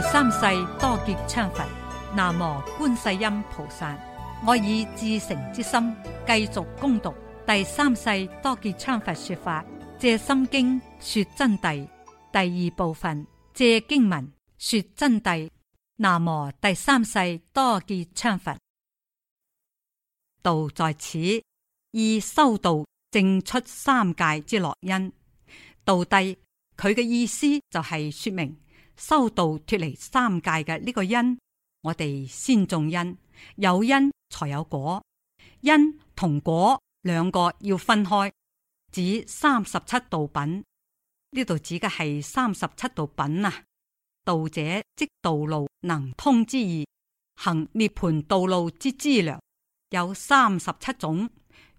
第三世多杰羌佛，南無觀世音菩薩。我以至誠之心繼續攻讀第三世多杰羌佛說法，藉心經說真諦第二部分，藉經文說真諦。南無第三世多杰羌佛，道在此，以修道正出三界之樂因。道諦，佢嘅意思就係說明。修道脫離三界嘅呢個因，我哋先種因，有因才有果。因同果兩個要分開，指三十七道品。呢度指嘅係三十七道品啊。道者即道路能通之意，行涅盤道路之資糧有三十七種，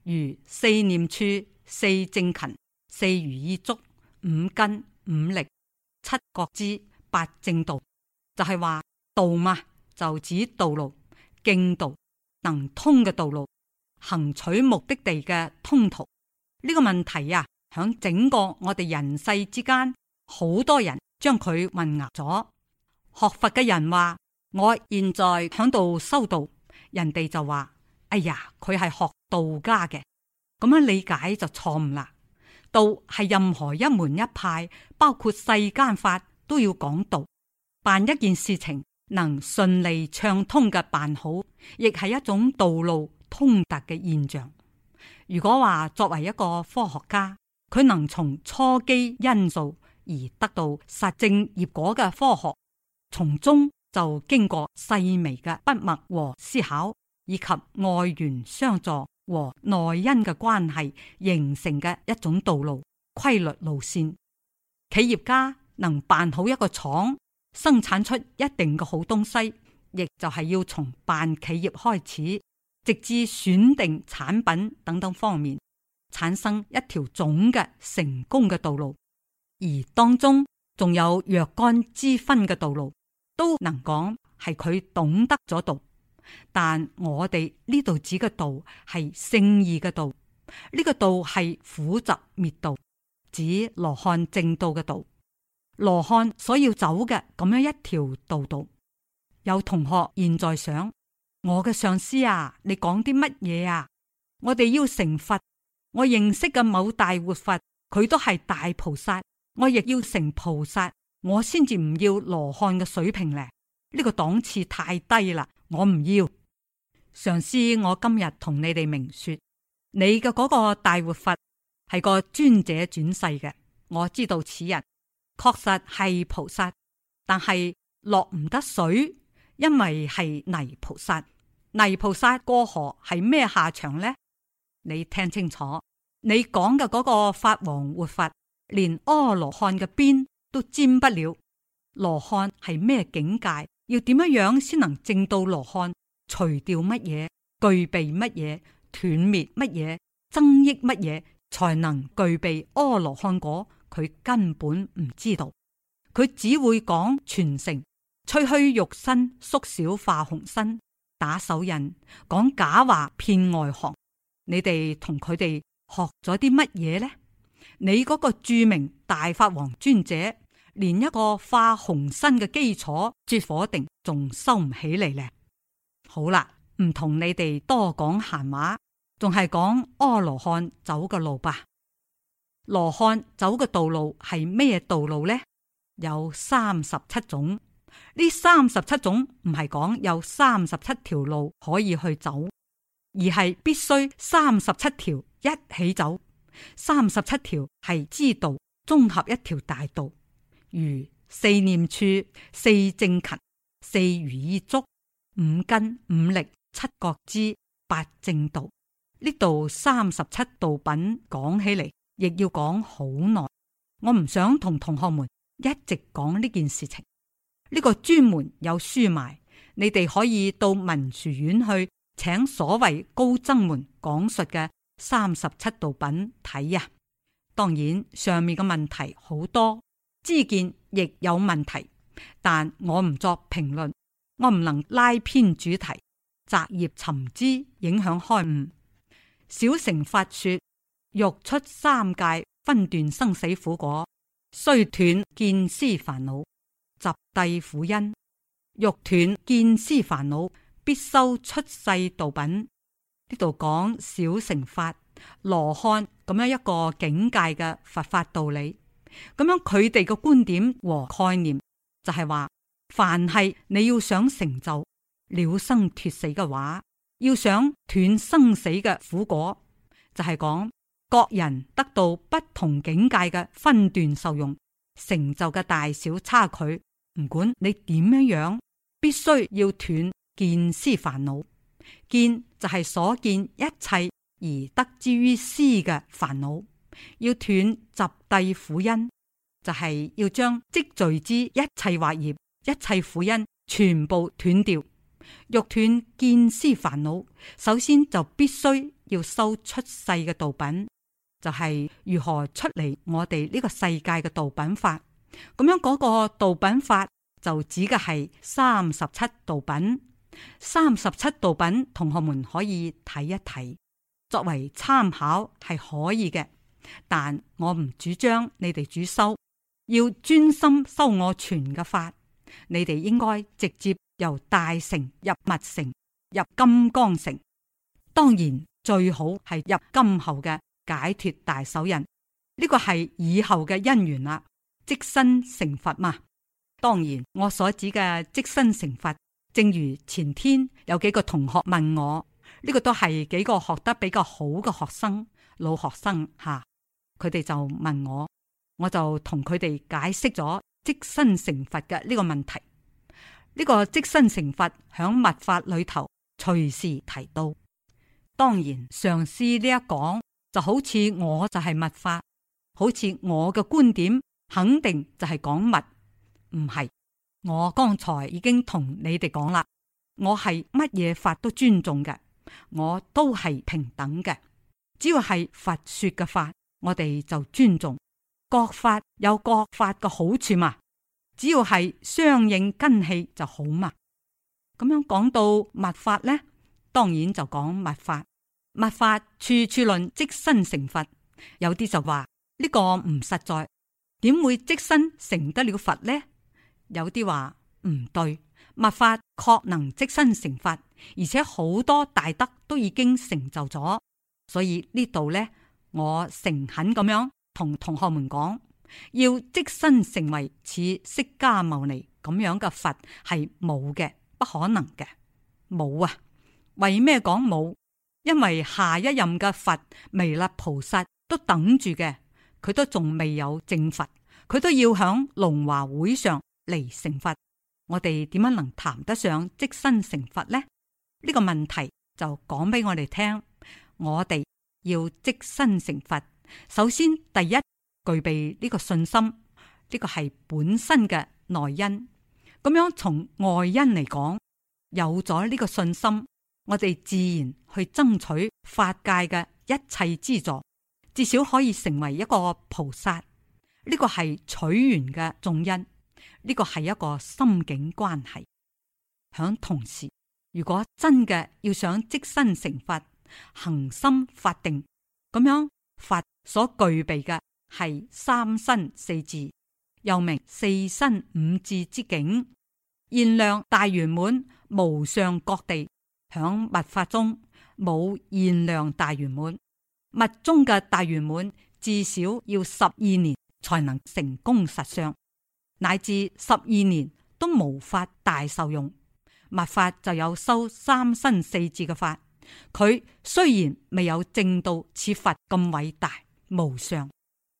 如四念處、四正勤、四如意足、五根、五力、七覺支。八正道就係、是、話道嘛，就指道路、徑道能通嘅道路，行取目的地嘅通途。呢、這個問題呀、啊，響整個我哋人世之間，好多人將佢混淆咗。學佛嘅人話，我現在響度修道，人哋就話：哎呀，佢係學道家嘅。咁樣理解就錯誤啦。道係任何一門一派，包括世間法。都要講道，辦一件事情能順利暢通嘅辦好，亦係一種道路通達嘅現象。如果話作為一個科學家，佢能從初機因素而得到實證業果嘅科學，從中就經過細微嘅不密和思考，以及外緣相助和內因嘅關係形成嘅一種道路規律路線，企業家，能辦好一個廠，生產出一定嘅好東西，亦就係要從辦企業開始，直至選定產品等等方面，產生一條總嘅成功嘅道路。而當中仲有若干之分嘅道路，都能講係佢懂得咗道。但我哋呢度指嘅道係勝義嘅道，呢、這個道係苦集滅道，指羅漢正道嘅道。羅漢所要走嘅咁樣一條道道，有同學現在想，我嘅上司啊，你講啲乜嘢啊？我哋要成佛，我認識嘅某大活佛，佢都係大菩薩，我亦要成菩薩，我先至唔要羅漢嘅水平呢，呢、呢個檔次太低啦，我唔要。上司，我今日同你哋明說，你嘅嗰個大活佛係個尊者轉世嘅，我知道此人。確實係菩薩，但係落唔得水，因為係泥菩薩。泥菩薩過河係咩下場呢？你聽清楚，你講嘅嗰個法王活佛，連阿羅漢嘅邊都沾不了。羅漢係咩境界？要點樣樣先能證到羅漢？除掉乜嘢？具備乜嘢？斷滅乜嘢？增益乜嘢？才能具備阿羅漢果？佢根本唔知道，佢只會講傳承，吹噓肉身縮小化虹身，打手印，講假話騙外行。你哋同佢哋學咗啲乜嘢呢？你嗰個著名大法王尊者，連一個化虹身嘅基礎，拙火定仲收唔起嚟呢？好啦，唔同你哋多講閒話，仲係講阿羅漢走嘅路吧。羅漢走嘅道路係咩道路呢？有三十七種，呢三十七種唔係講有三十七條路可以去走，而係必須三十七條一起走。三十七條係支道，綜合一條大道，如四念處、四正勤、四如意足、五根、五力、七覺支、八正道。呢度三十七道品講起嚟，亦要講好耐，我唔想同同學們一直講呢件事情。呢、這個專門有書賣，你哋可以到文殊院去，請所謂高僧們講述嘅三十七道品睇呀。當然上面嘅問題好多，知見亦有問題，但我唔作評論，我唔能拉偏主題，擇葉尋枝，影響開悟。小城法說。欲出三界，分斷生死苦果，須斷見思煩惱，集諦苦因；欲斷見思煩惱，必修出世道品。呢度講小乘法羅漢咁樣一個境界嘅佛法道理，咁樣佢哋嘅觀點和概念就係話，凡係你要想成就了生脫死嘅話，要想斷生死嘅苦果，就係、是、講。各人得到不同境界嘅分段受用，成就嘅大小差距。唔管你點樣樣，必須要斷見思煩惱。見就係所見一切而得之於思嘅煩惱。要斷集諦苦因，就係、是、要將積聚之一切惑業、一切苦因全部斷掉。欲斷見思煩惱，首先就必須要修出世嘅道品。就係如何出嚟？我哋呢個世界嘅道品法，咁樣嗰個道品法就指嘅係三十七道品。三十七道品，同學們可以睇一睇，作為參考係可以嘅。但我唔主張你哋主修，要專心修我傳嘅法。你哋應該直接由大乘入密乘，入金剛乘。當然最好係入金後嘅。解脫大手印呢個係以後嘅因緣啦，即身成佛嘛。當然，我所指嘅即身成佛，正如前天有幾個同學問我呢個都係幾個學得比較好嘅學生老學生吓，佢哋就問我，我就同佢哋解釋咗即身成佛嘅呢個問題。呢個即身成佛響密法裏頭隨時提到，當然上師呢一講。好似我就係密法，好似我嘅觀點肯定就係講密，唔係，我剛才已經同你哋講啦，我係乜嘢法都尊重嘅，我都係平等嘅，只要係佛說嘅法，我哋就尊重，各法有各法嘅好處嘛，只要係相應根器就好嘛，咁樣講到密法呢，當然就講密法。密法處處論即身成佛，有啲就話呢個唔實在，點會即身成得了佛呢？有啲話唔對，密法確能即身成佛，而且好多大德都已經成就咗。所以呢度呢，我誠懇咁樣同同學們講，要即身成為似釋迦牟尼咁樣嘅佛係冇嘅，不可能嘅，冇啊。為咩講冇？因為下一任嘅佛彌勒菩薩都等住嘅，佢都仲未有正佛，佢都要響龍華會上嚟成佛。我哋點樣能談得上即身成佛呢？呢個問題就講俾我哋聽。我哋要即身成佛，首先第一具備呢個信心，呢個係本身嘅內因。咁樣從外因嚟講，有咗呢個信心。我哋自然去爭取法界嘅一切資助，至少可以成為一個菩薩。呢、這個係取緣嘅重因，呢、這個係一個心境關係。響同時，如果真嘅要想即身成佛，恆心法定咁樣，佛所具備嘅係三身四智，又名四身五智之境，現量大圓滿無上各地。喺密法中冇現量大圓滿，密宗嘅大圓滿至少要十二年才能成功實相，乃至十二年都無法大受用。密法就有修三身四智嘅法，佢雖然未有正道似法咁偉大無常，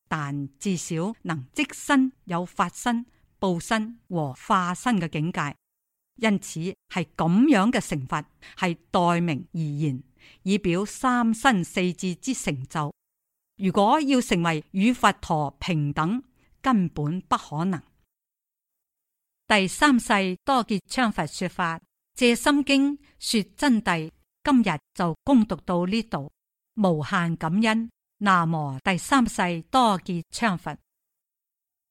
但至少能即身有法身、報身和化身嘅境界。因此係咁樣嘅成佛，係代名而言，以表三身四智之成就。如果要成為與佛陀平等，根本不可能。第三世多杰羌佛說法《藉心經》說真諦，今日就恭讀到呢度，無限感恩。南無第三世多杰羌佛。